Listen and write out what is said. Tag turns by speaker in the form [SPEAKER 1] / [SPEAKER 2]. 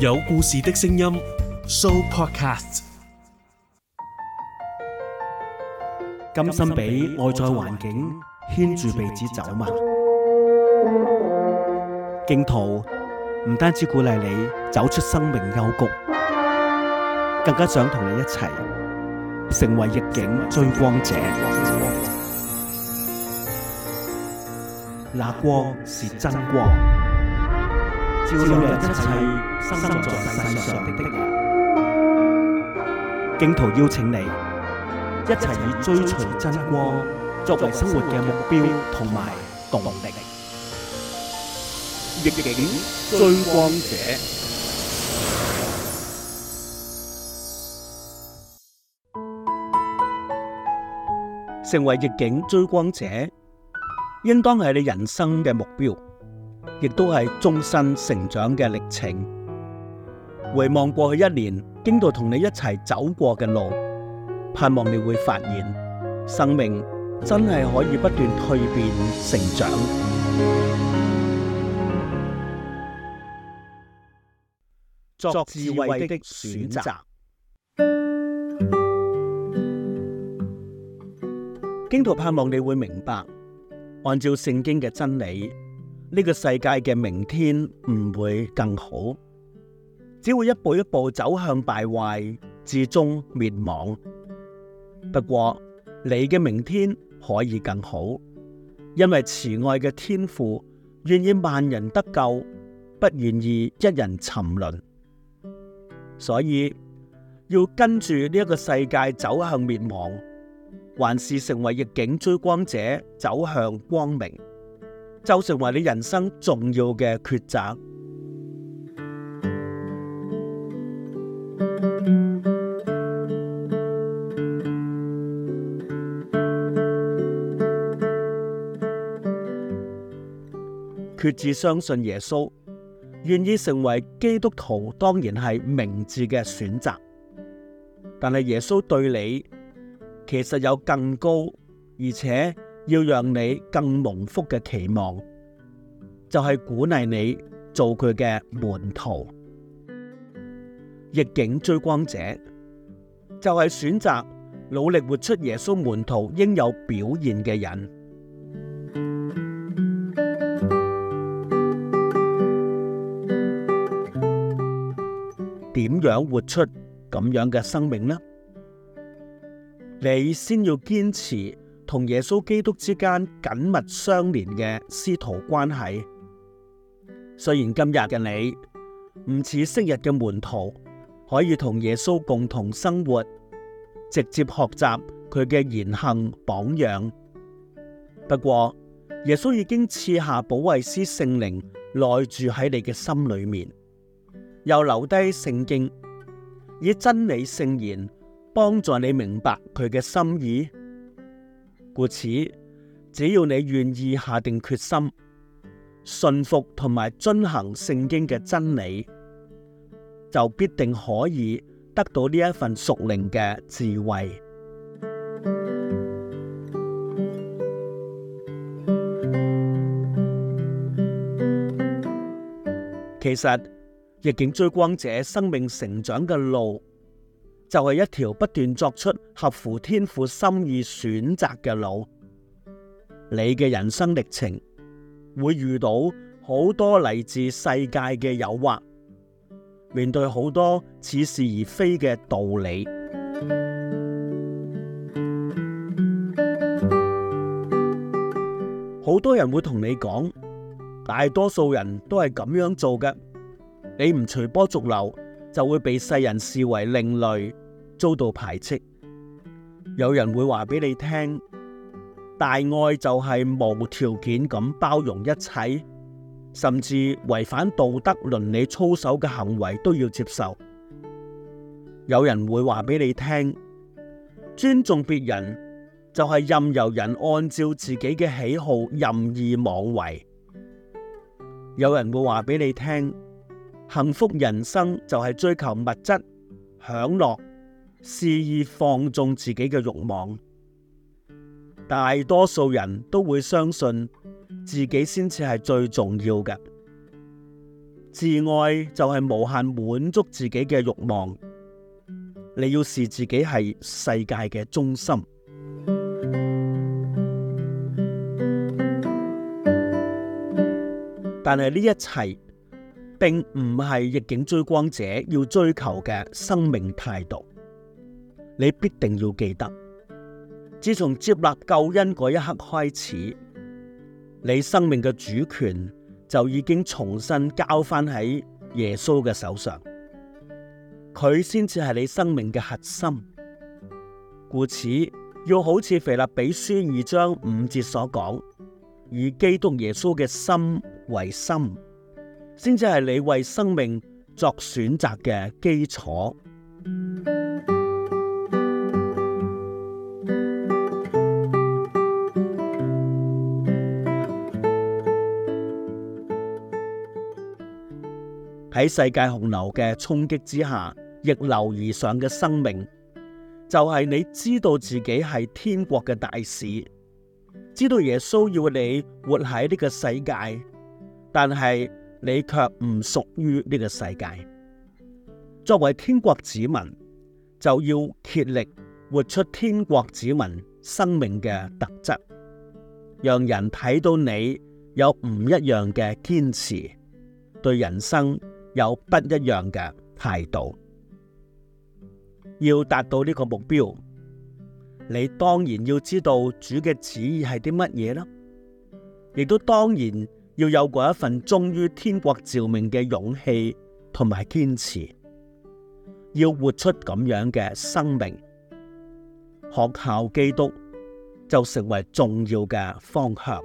[SPEAKER 1] 有故事的聲音，Show Podcast。甘心俾外在環境牽住鼻子走嗎？荊徒唔單止鼓勵你走出生命幽谷，更加想同你一齊成為逆境追光者。那光是真光。照亮一切生在世上的的人，荊徒邀請你一齊以追隨真光作為生活嘅目標同埋動力，逆境追光者成為逆境追光者，應當係你人生嘅目標。亦都係終身成長嘅歷程。回望過去一年，荊徒同你一齊走過嘅路，盼望你會發現，生命真係可以不斷蛻變成長。作智慧的選擇，荊徒盼望你會明白，按照聖經嘅真理。呢、這個世界嘅明天唔會更好，只會一步一步走向敗壞，至終滅亡。不過你嘅明天可以更好，因為慈愛嘅天父願意萬人得救，不願意一人沉淪。所以要跟住呢一個世界走向滅亡，還是成為逆境追光者，走向光明？就成為你人生重要嘅抉擇。決志相信耶穌，願意成為基督徒，當然係明智嘅選擇。但係耶穌對你，其實有更高，而且。要讓你更蒙福嘅期望，就係鼓勵你做佢嘅門徒。逆境追光者，就係選擇努力活出耶穌門徒應有表現嘅人。點樣活出咁樣嘅生命呢？你先要堅持同耶穌基督之間緊密相連嘅師徒關係，雖然今日嘅你唔似昔日嘅門徒，可以同耶穌共同生活、直接學習佢嘅言行榜樣。不過，耶穌已經賜下保惠師聖靈，內住喺你嘅心裏面，又留低聖經，以真理聖言幫助你明白佢嘅心意。故此，只要你願意下定決心，信服同埋遵行聖經嘅真理，就必定可以得到呢一份屬靈嘅智慧。其實，逆境追光者生命成長嘅路，就係一條不斷作出合乎天父心意選擇嘅路，你嘅人生歷程會遇到好多嚟自世界嘅誘惑，面對好多似是而非嘅道理，好多人會同你講，大多數人都係咁樣做嘅，你唔隨波逐流。就會被世人視為另類，遭到排斥。有人會話俾你聽，大愛就係無條件咁包容一切，甚至違反道德倫理操守嘅行為都要接受。有人會話俾你聽，尊重別人就係任由人按照自己嘅喜好任意妄為。有人會話俾你聽。幸福人生就係追求物質、享樂，肆意放縱自己嘅欲望。大多數人都會相信自己先至係最重要嘅。自愛就係無限滿足自己嘅欲望。你要視自己係世界嘅中心，但係呢一切。並唔係逆境追光者要追求嘅生命態度。你必定要記得，自從接納救恩嗰一刻開始，你生命嘅主權就已經重新交翻喺耶穌嘅手上，佢先至係你生命嘅核心。故此，要好似腓立比書二章五節所講，以基督耶穌嘅心為心。先至係你為生命作選擇嘅基礎。喺世界洪流嘅衝擊之下，逆流而上嘅生命，就係你知道自己係天國嘅大使，知道耶穌要你活喺呢個世界，但係。你卻唔屬於呢個世界。作為天國子民，就要竭力活出天國子民生命嘅特質，讓人睇到你有唔一樣嘅堅持，對人生有不一樣嘅態度。要達到呢個目標，你當然要知道主嘅旨意係啲乜嘢啦，亦都當然。要有嗰一份忠於天國召命嘅勇氣同埋堅持，要活出咁樣嘅生命，學效基督就成為重要嘅方向。